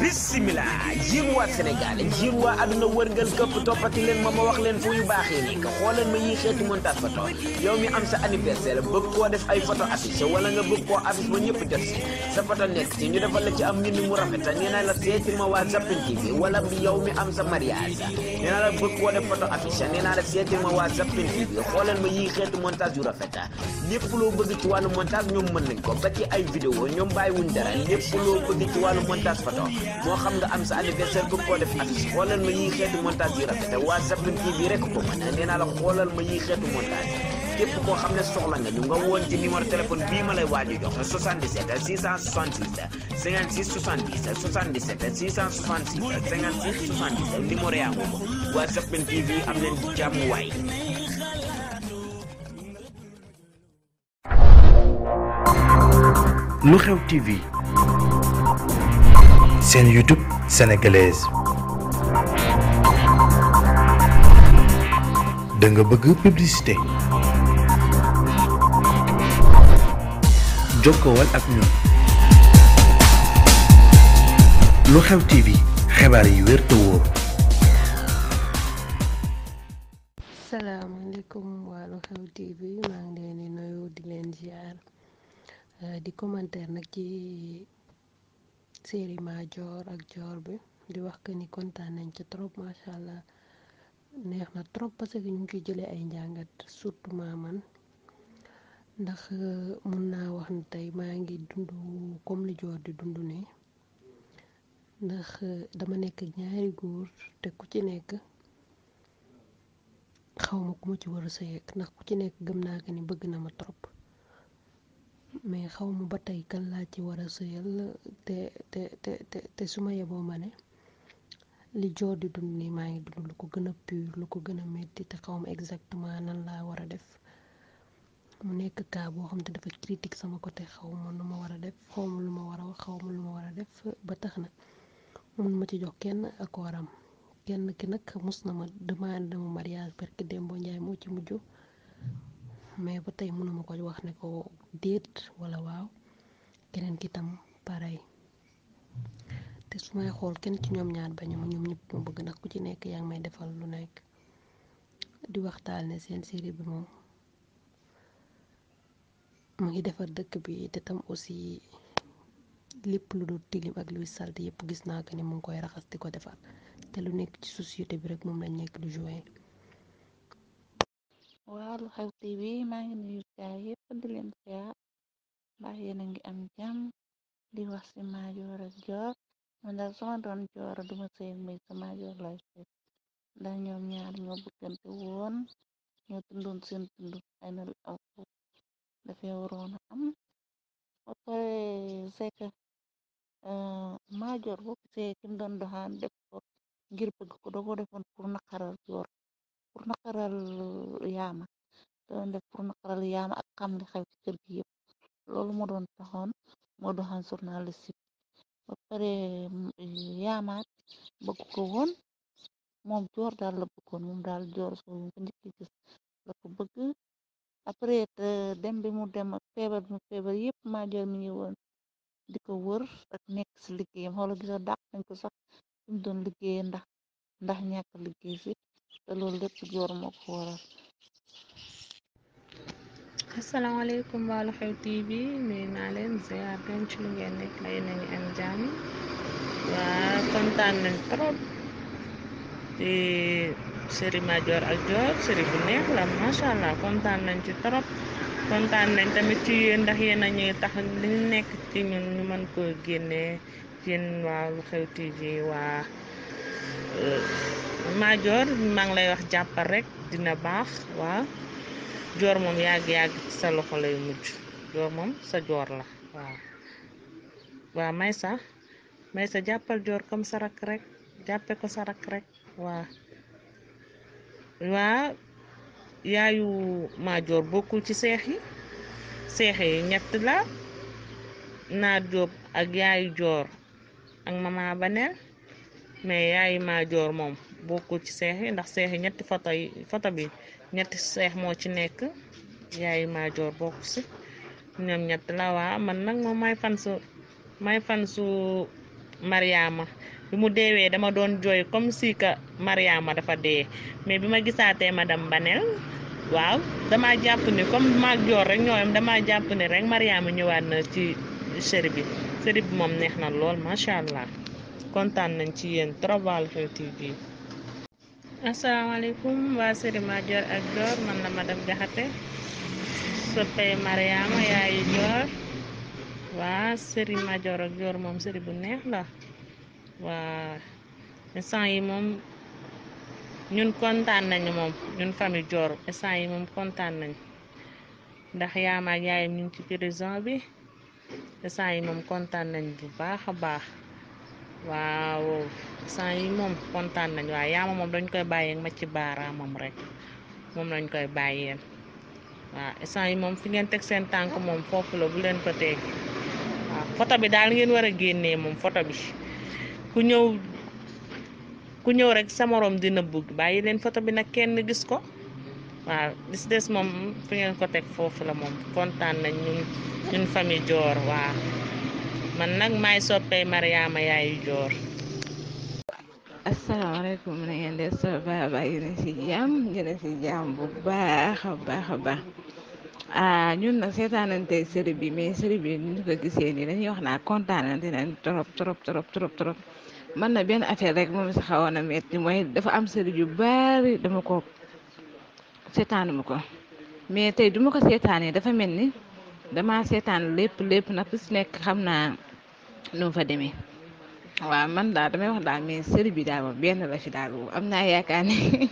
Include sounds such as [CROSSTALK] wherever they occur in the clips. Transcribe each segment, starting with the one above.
bisimila yéen waa Sénégal yéen waa àdduna wërngal këpp toppati leen ma ma wax leen fu yu baaxee nekk xooleen ma yi xeeti montage photo yow mi am sa anniversaire bëgg koo def ay photo affiche wala nga bëgg koo affiche ba ñëpp jot si sa photo nekk ci ñu defal la ci am mbind mu rafet nee la seeti ma waa Zappin TV wala yow mi am sa mariage nee naa la bëgg koo def photo affiche nee la seeti ma waa Zappin TV xooleen ma yi xeeti montage ba ci ay vidéo ñoom bàyyiwuñ moo xam nga am sa anniversaire bëgg koo def affiche xoolal ma xeetu montage yi rafet te waa Zappin TV rek ko mën nee naa la xoolal ma yiy xeetu montage képp koo xam ne soxla nga ñu nga woon ci numéro téléphone bii ma lay waaj a jox 77 yaa ngi ko waa TV am leen jàmm lu xew TV. seen YouTube sénégalaise da bëgg publicité jokkowal ak ñun lu xew TV xibaar yi wér te wóor. salaamaaleykum waa lu xew TV maa ngi leen di nuyu di leen ziar di commentaire nag ci. séeri Madior ak joor bi di wax que ni kontaan nañ ca trop macha allah neex na trop parce que ñu ngi ciy jëlee ay njàngat surtout man ndax euh, mun naa wax ne tey maa ngi dund comme li di dundu nii ndax euh, dama nekk ñaari góor te ku ci nekk xaw ma ku ma ci war a sëyeek ndax ku ci nekk gëm naa ko ni bëgg na ma trop. mais xaw ma ba tey kan laa ci war a sëyal te te te te te su ma yeboo ma ne li joor di dund nii maa ngi dund lu ko gën a pur lu ko gën a metti te xaw ma exactement nan laa war a def mu nekk cas boo xam te dafa critique sama côté xaw ma nu ma war a def xaw ma lu ma war a xaw ma lu ma war a def ba tax na mun ma ci jox kenn akooram kenn ki nag mus na ma demande ma mariage parce que Demba Ndiaye moo ci mujj mais ba tey mënuma ko wax ne ko déet wala waaw keneen ki tam pareil te su may xool kenn ci ñoom ñaar bañu ma ñoom ñëpp ma bëgg nag ku ci nekk yaa ngi may defal lu nekk di waxtaane seen série bi moom mu ngi defar dëkk bi te tam aussi lépp lu dul tilim ak luy salte yëpp gis naa ko ni mu ngi koy raxas di ko defar te lu nekk ci société bi rek moom lañ nekk du join waa lu xew tv maa ngi nuyu gaay yépp di leen ziar ngi am jàmm di wax ci maajoor ak joor man daal sama doon joor duma seen muy sa maajoor lay seet ndax ñoom ñaar ñoo bëggante woon ñoo tundoon seen tundu final of dafay am ba pare sekk doon doxaan def ko ngir bëgg ko dako defoon pur naqaral joor. pour naqaral yaama doon def pour naqaral yaama ak xam li xew ci yépp loolu moo doon taxoon moo doxaan journalistique ba pare yaamaat bëgg ko woon joor daal la bëggoon moom daal joor so ko njëkki gis la ko après dem bi mu dem feebar bi mu feebar yépp maajoor mi ngi woon di ko wër ak nekk ci liggéeyam xoola gisa dàq nañ ko sax fi doon liggéeye ndax ndax ñàkk liggéey fi te loolu lépp joor moo ko waral asalaamaaleykum waa Lu Xew TV nuyu naa leen ziar leen ci lu ngeen nekk lay nañu am jàmm waa kontaan nañ trop di série Madior ak Dior série bu neex la macha allah kontaan nañ ci trop kontaan nañ tamit ci yéen ndax yéen a tax li nekk ci ñun ñu mën ko génnee yéen waa Lu Xew TV waa maajoor maa ngi lay wax jàppal rekk dina baax waa joor moom yàgg-yàgg ci sa loxo lay mujj joor moom sa joor la waaw may sa may sa jàppal joor comme sa rakk rek jàppe ko sa rakk rek waaw waa yaayu Madior bokkul ci seex yi seex yi ñett la naat jóob ak yaayu joor ak mama baneel mais yaayu maajoor moom bokkul ci seex yi ndax seex yi ñetti fata yi fata bi ñetti seex moo ci nekk yaayu maajoor bokk si ñoom ñett la waa man nag moom may fan su may fan bi mu deewee dama doon jooy comme si que dafa dee mais bi ma gisaatee ma madame banel waaw dama jàpp ni comme maajoor rek ñooyam dama jàpp ni rek mariama ñëwaat na ci série bi série bi moom neex na lool macha allah kontaan nañ ci yéen Global Health TV asalaamaaleykum waa série Madior ak Dior man la madame Diakhaté soppee Mariama yaayu Dior waa série Madior ak Dior moom série bu neex la waa instant yi moom ñun kontaan nañu moom ñun famille Dior instant yi moom kontaan nañu ndax yaam ak yaayam ñu ngi ci prison bi instant yi moom kontaan nañu bu baax a baax waaw sant yi moom kontaan nañ waaye yaama moom dañ koy bàyyee ma ci baaraamam rek moom lañ koy bàyyee waaw sant yi moom fi ngeen teg seen tànk moom foofu la bu leen ko teg waaw bi daal ngeen war a génnee moom photo bi ku ñëw ku ñëw rek sa morom dina bugg bàyyi leen photo bi nag kenn gis ko waaw dis des moom fi ngeen ko teg foofu la moom kontaan nañ ñun ñun famille Dior man nag maay soppey Mariama yaayu joor asalaamaaleykum na ngeen def sa baba yéen ci jàmm yéen ci bu baax a baax a baax ah ñun na seetaanan tey série bi mais série bi ñu ko gisee nii dañuy wax naa kontaanante nañ trop trop trop trop man na benn affaire rek moom si xawoon a metti mooy dafa am série yu bari dama ko seetaanuma ko mais tey duma ko seetaanee dafa mel ni dama seetaan lépp lépp nag si nekk xam naa nu fa demee waaw man daal damay wax daal mais sëriñ bi daa moom benn la fi daal moom am naa yaakaar ne [LAUGHS]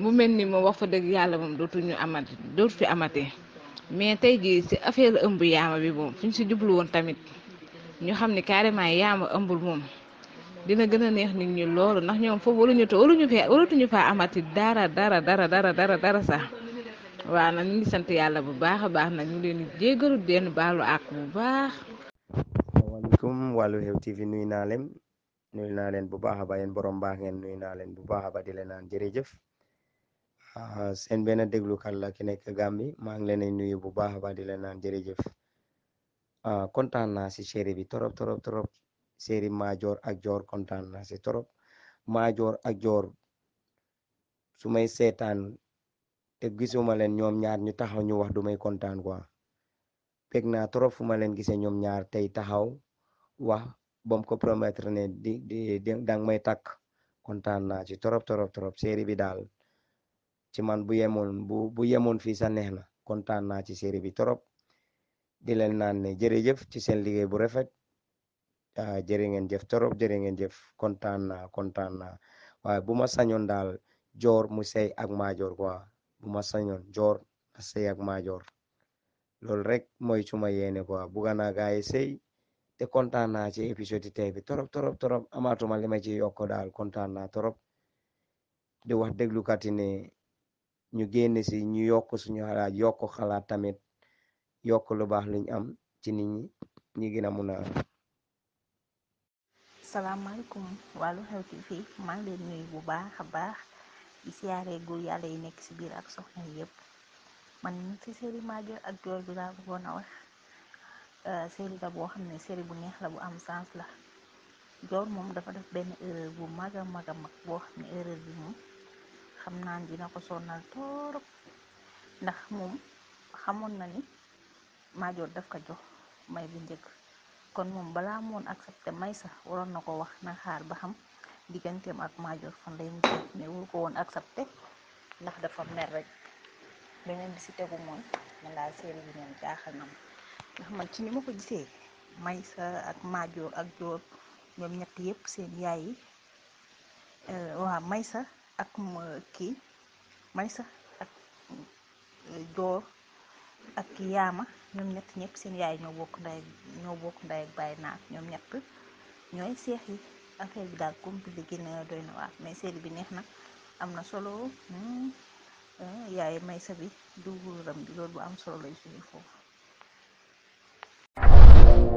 mu mel ni moom wax fa dëgg yàlla moom dootuñu amati dootu fi amati mais tey jii si affaire ëmb yaama bi moom fu si jublu woon tamit ñu xam ne carrément yaama ëmbul moom dina gën a neex nit ñi loolu ndax ñoom foofu waruñu to waruñu fee waratuñu faa amati dara dara dara dara dara dara sax waaw nag ñu ngi sant yàlla bu baax a baax nag ñu leen di jéggalu deen baalu àq bu baax wàllu xew TV nuy naa leen nuy naa leen bu baax a ba borom baax ngeen nuy naa leen bu baax a ba di leen naan jërëjëf ah, seen benn déglukat la ki nekk Gàmbi maa ngi leen nuyu bu baax a ba di leen naan jërëjëf ah, kontaan naa si série bi torop torop torop série Madior ak joor kontaan naa si torop Madior ak joor su may seetaan te gisuma leen ñoom ñaar ñu taxaw ñu wax du may kontaan quoi. beg naa trop fu ma leen gisee ñoom ñaar tey taxaw waa bam ko promettre ne di di dang may takk kontaan naa ci torop torop torop série bi daal ci man bu yemoon bu bu yemoon fii sa neex na kontaan naa ci série bi torop di leen naan ne jërëjëf ci seen liggéey bu rafet ah, jërë ngeen jef torop jërë ngeen jëf kontaan naa kontaan naa waaye bu ma sañoon daal joor mu sey ak maajoor quoi bu ma sañoon joor a sey ak maajoor loolu rek mooy suma yéene quoi buga naa gaay sey te kontaan naa ci épisode yi tey bi torop torop torop amaatuma li ma ci yokk daal kontaan naa torop di wax deglu yi ne ñu génn si ñu yokk suñu xalaat yokk xalaat tamit yokk lu baax liñ am ci nit ñi ñi gën a mun a am. salaamaaleykum waa Xew TV maa ngi leen nuyu bu baax a baax di siyaare góor yàlla yi nekk si biir ak soxna yëpp man si Seri Madior ak Dior bi laa bëggoon wax. Euh, série la boo xam ne série bu neex la bu am sens la joor moom dafa def benn erreur bu mag a mag a mag boo xam ne erreur bi moom xam naa dina ko sonal torop ndax moom xamoon na ni maajoor daf ko jox may bu njëkk kon moom balaa moon accepté may sax waroon na ko wax na xaar ba xam digganteem ak maajoor fan lay mujj wul ko woon accepté ndax dafa mer rek beneen bi si tegu moom man daal série bi moom na ndax man ci ni ma ko gisee may sa ak maajoor ak jóob ñoom ñett yépp seen yaay yi euh, waaw may sa ak euh, kii may sa ak jóob euh, ak yaama ñoom ñett ñëpp seen yaay ñoo bokk ndey ñoo bokk ndey ak bàyyi naak ñoom ñett ñooy seex yi affaire bi daal compliqué génne na doy na waar mais série bi neex na am na solo hmm, yaay may sa bi duguram bi loolu bu am solo lay suñu foofu